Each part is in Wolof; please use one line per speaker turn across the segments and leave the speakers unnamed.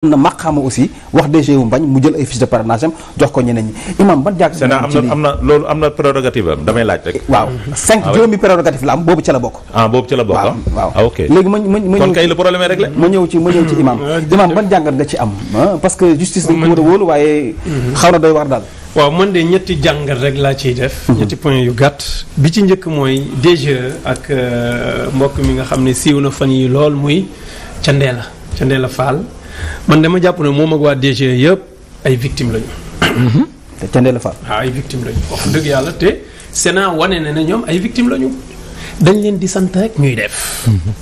na maqaama aussi wax DG wu bañ mu jël ay fiches de parrainage jox ko ñeneen ñi imam ban jàkk Sénat am na am na loolu am na prérogative am damay laaj rek waaw cinq ah juróomi prérogative la boobu ca la bokk ah boobu ca la bokk waaw ah. Ah, ok léegi ma ma ma kon kay le jàngat nga ci am parce que justice dañ ko war a wóolu waaye mhm. xaw na doy war daal waaw man de ñetti jàngat rek laa ciy def mhm. ñetti point yu gàtt bi ci njëkk mooy DG ak euh, mbokk mi nga xam ne siiw na fan yi lool muy ca Ndella ca la faal man dama jàpp ne moom ak waa DG yëpp ay victimes lañu. Mhm. te Thiendella Fall. waaw ah, ay victimes lañu wax dëgg yàlla te Sénat wane na ne ñoom ay victimes lañu dañ leen di sant rek ñuy def. Mhm.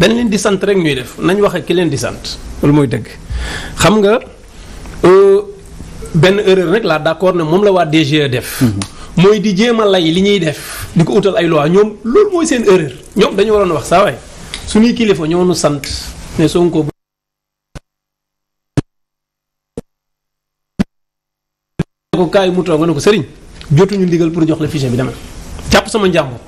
dañ leen di sant rek ñuy def nañ wax ak ki leen di sant loolu mooy dëgg xam nga euh, benn heureur rek laa d'accord ne moom la waa DG def. Mhm. mooy di jéem a lay li ñuy def di ko utal ay loi ñoom loolu mooy seen erreur ñoom dañu waroon wax saa waay suñuy kilifa ñoo nu sant ne Sonko ko kaay mu toog nga ne ko sëriñ jotuñu ndigal pour jox la fichier bi demal jàpp sama njàmbur.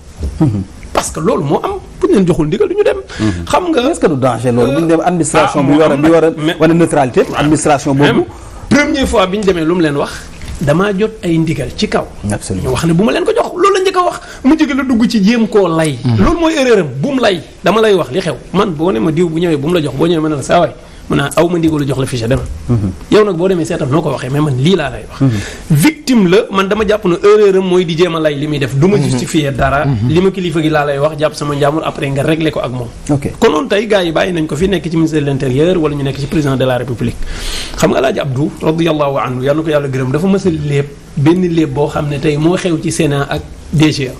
Mhm. parce loolu moo am bu ñu leen joxul ndigal du ñu dem. Mhm. xam nga est-ce que du danger loolu euh, ah, lu mu leen wax. damaa jot ay ndigal ci kaw. ñu wax ne bu ma leen ko jox loolu la njëkk a wax mu jëkk la dugg ci jéem koo lay. Mhm. loolu mooy erreur am lay dama lay wax li xew man boo ne ma diw bu ñëwee bu mu la jox boo ñëwee ma ne la saa mun naa aw ma ndigalu jox la fichier demal. Mhm. yow nag boo demee seetal noo ko waxee mais man lii laa lay wax. Mhm. victime la man dama jàpp ne erreur mooy di jéem lay li muy def. du ma mhm. justifier dara. li ma kilifa gi laa lay wax jàpp sama njaamur après nga réglé ko ak moom. ok konoon tey gars yi bàyyi nañ ko fi nekk ci ministère de l' intérieur wala ñu nekk ci président de la république. xam nga El Hadj Abdou radiyallahu anhu yal ko yàlla gërëm dafa mës a léeb benn léeb boo xam ne tey moo xew ci Sénat ak DGA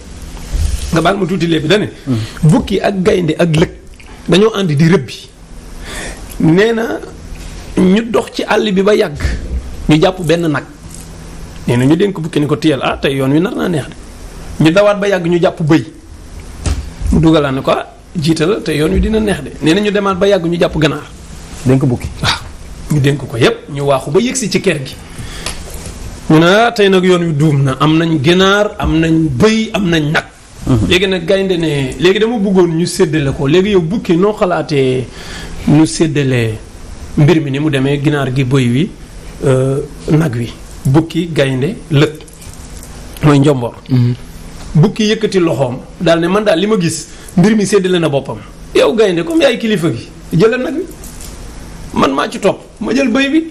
nga baal ma tuuti léeb bi da ak gaynde ak lëg dañoo ànd di rëbbi nee na ñu dox ci àll bi ba yàgg ñu jàpp benn nag nee na ñu dénk bukki ni ko téyal ah tey yoon wi nar naa neex de ñu dawaat ba yàgg ñu jàpp bëy dugalaan ne ko ah jiital te yoon wi dina neex de nee na ñu demaat ba yàgg ñu jàpp ganaar dénk bukki waaw ñu dénk ko yépp ñu waaxu ba yëgsi ci ker gi ñu ah tey nag yoon wi duum na am nañ ganaar am nañ bëy am nañ nag Mhm. léegi nag gaynde ne léegi dama bëggoon ñu séddale ko léegi yow bukki noo xalaatee ñu séddale mbir mi ni mu demee ginaar gi bëy wi euh, nag wi bukki gaynde lëg mooy njomboor mhm. bukki yëkkati loxoom daal ne man daal li ma gis mbir mi séddale na boppam yow gaynde comme yaay kilifa gi jëlal nag wi man maa ci topp ma jël bëy bi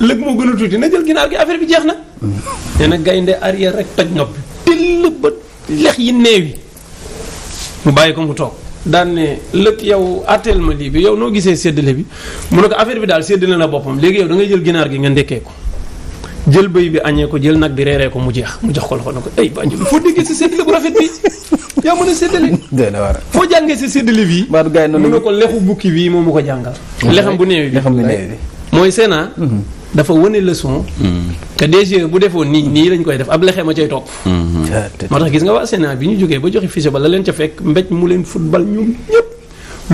lëg moo gën a tuuti na jël ginaar gi affaire bi jeex na mhm. nee na gaynde arrière rek toj noppi till ba lex yi néew yi mu bàyyi ko mu toog daan ne lëkk yow àtteel ma lii bi yow noo gisee séddale bi mu ne ko affaire bi daal séddale na boppam léegi yow da ngay jël ginaar gi nga ndekkee ko jël bëy bi añee ko jël nag bi reeree ko mu jeex mu jox ko loxo na ko ay Banjul foo déggee si séddale bu rafet bi yaa mën a séddale. foo jàngee si séddale bii. mu ne ko lexu bukki bii moom mu ko jàngal. lexam bu néew bi lexam bu néew bi mooy Sénat. Mhm. dafa wane leçon. que DGE bu defoon nii nii lañ koy def ab lexe ma cay topp. moo tax gis nga waa Sénat bi ñu jógee ba joxe fichier ba la leen ca fekk mbéj mu leen football ñoom ñëpp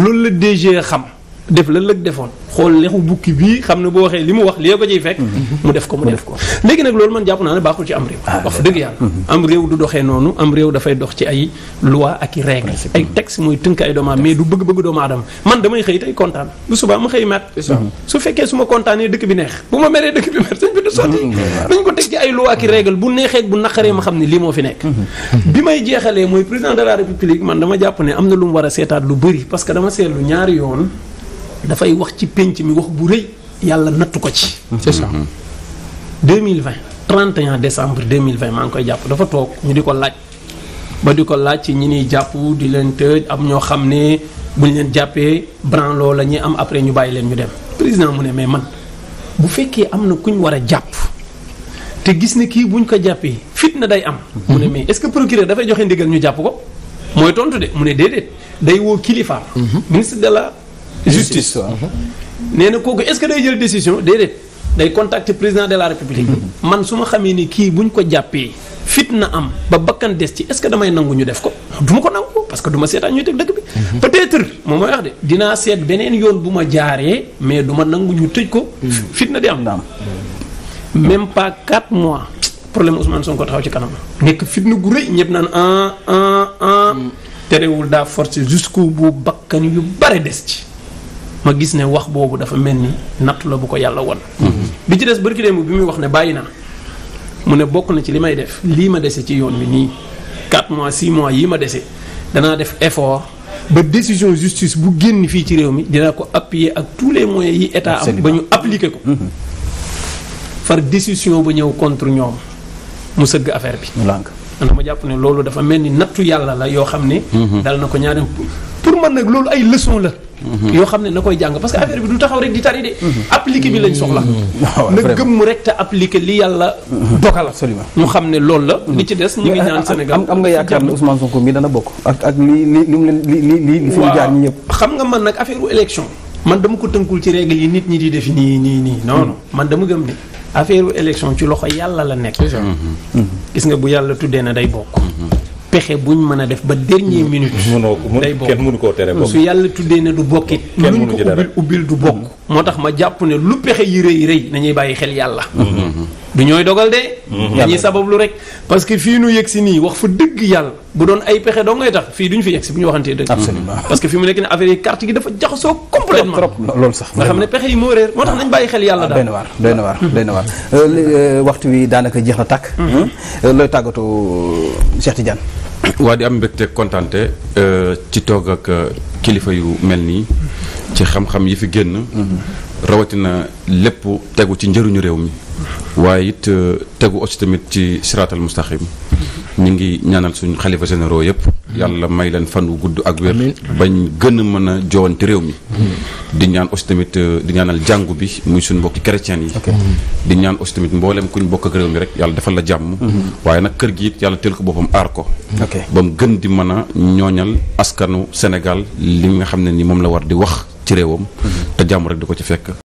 loolu la DGE xam. def la lëg defoon xool lexu bukki bii xam ne boo waxee li mu wax lii ko ciy fekk mhm. mu def ko mu def ko léegi nag loolu man jàpp naa ne baaxul ci am réew ah, wax dëgg yàlla mhm. am réew du noonu am réew dafay dox ci ay loi ak i règle ay texte mooy tënk ay doomu mais du bëgg-bëgg doomu aadama man damay xëy tey kontaan bu ma xëy mat mhm. su fekkee su ma kontaanee dëkk bi neex bu ma meree dëkk bi mer sëñ bi du sotti dañ bu neexee bu naqaree ma xam ne lii moo fi nekk bi may jeexalee mooy président la man dama jàpp ne am na lu mu war a seetaat lu bëri parce que dama seetlu ñaari yoon dafay wax ci pénc mi wax bu rëy yàlla nattu ko ci. c'est ça. 2020 mm-hmm. 31 décembre 2020 maa ngi koy jàpp dafa toog ñu di ko laaj ba di ko laaj ci ñu ñuy jàpp di leen tëj am ñoo xam ne buñ leen jàppee branlo la ñuy am après ñu bàyyi leen ñu dem président mu ne mais man bu fekkee am na ku ñu war a jàpp te gis ne kii buñ ko jàppee fit na day am. Mm-hmm. mu ne mais est-ce que procureur dafay joxe ndigal ñu jàpp ko mooy tontu de mu ne déedéet day woo kilifa. Mm-hmm. ministre de la justice mhm. nee na kooku est-ce que day jël décision déedéet day contacter président de la république. Mhm. man su ma xamee ni kii buñ ko jàppee fitna am ba bakkan des ci est-ce que damay nangu ñu def ko du ma ko nangu parce que duma ma seetaan ñuy teg dëkk bi. Mhm. peut-être moom mooy wax de dinaa seet beneen yoon bu ma jaaree mais du ma nangu ñu tëj ko. fitna di am. am même pas 4 mois problème Ousmane Sonko taxaw ci kanam. nekk fitna gu rëy ñëpp naan un un un. terewul daa forcé jusqu'au bout bakkan yu des ma gis ne wax boobu dafa mel ni nattu la bu ko yàlla won bi ci des barki démb bi muy wax ne bàyyi naa mu ne bokk na ci li may def lii ma dese ci yoon bi nii 4 mois 6 mois yi ma dese danaa def effort ba décision justice bu génn fii ci réew mi dina ko appuyer ak tous les moyens yi état am ba ñu appliquer ko mm-hmm. far décision bu ñëw contre ñoom mu sëgg affaire bi man dama jàpp ne loolu dafa mel ni nattu yàlla la yoo xam ne mm-hmm. dal na ko ñaari pour man nag loolu ay leçon la Mm-hmm. yoo xam ne na koy jàng parce que affaire bi du taxaw rek di tari de mm-hmm. appliqué bi lañ soxla mm-hmm. ah, na gëmm rek te appliqué li yàlla dogal xam ne loolu la li ci des ñu ngi ñaan ah, ah, Sénégal am nga yaakaar ne Ousmane Sonko mi dana bokk ak ak li li li mu leen li ñëpp xam nga man nag affaire u man dama ko tënkul ci règle yi nit ñi di def nii nii nii non man dama gëm ne affaire u élection ci loxo yàlla la nekk gis nga bu yàlla tuddee na day bokk pexe buñ mën a def ba dernier mm. minute. mënoo ko kenn mënu koo tere bokk su yàlla tuddee ne du bokk it. luñ ko ubbil du bokk. Mm. moo tax ma jàpp ne lu pexe yi rëy rëy nañuy bàyyi xel yàlla. Mm-hmm. du ñooy mm-hmm. fi yegg bu ñu waxantee dëgg. parce que fi mu nekk ne affaire yi gi dafa jaxasoo complètement trop loolu nga xam ne pexe yi moo réer moo tax nañ bàyyi xel yàlla ah, daal euh, euh, mm-hmm. euh, looy tàggatoo Cheikh Tidiane waa di am mbégte kontante euh, ci toog ak euh, kilifa yu mel nii ci xam-xam yi fi génn mm-hmm. rawatina lépp tegu ci njëriñu réew mi waaye it euh, tegu aussi tamit ci siraatal mustaqim mm-hmm. ñu ngi ñaanal suñu xalifa généraux yépp yàlla may leen fan wu gudd ak wér bañ gën a mën a joowante réew mi hmm. di ñaan aussi tamit euh, di ñaanal jàngu bi muy suñu mbokki chrétien yi hmm. di ñaan aussi tamit mbooleem kuñ bokk ak réew mi rek yàlla defal la jàmm hmm. waaye nag kër gi it yàlla teel ko boppam aar ko ba mu gën di mën a ñooñal askanu Sénégal li nga xam ne nii moom la war di wax ci réewam te jàmm rek di ko ci fekk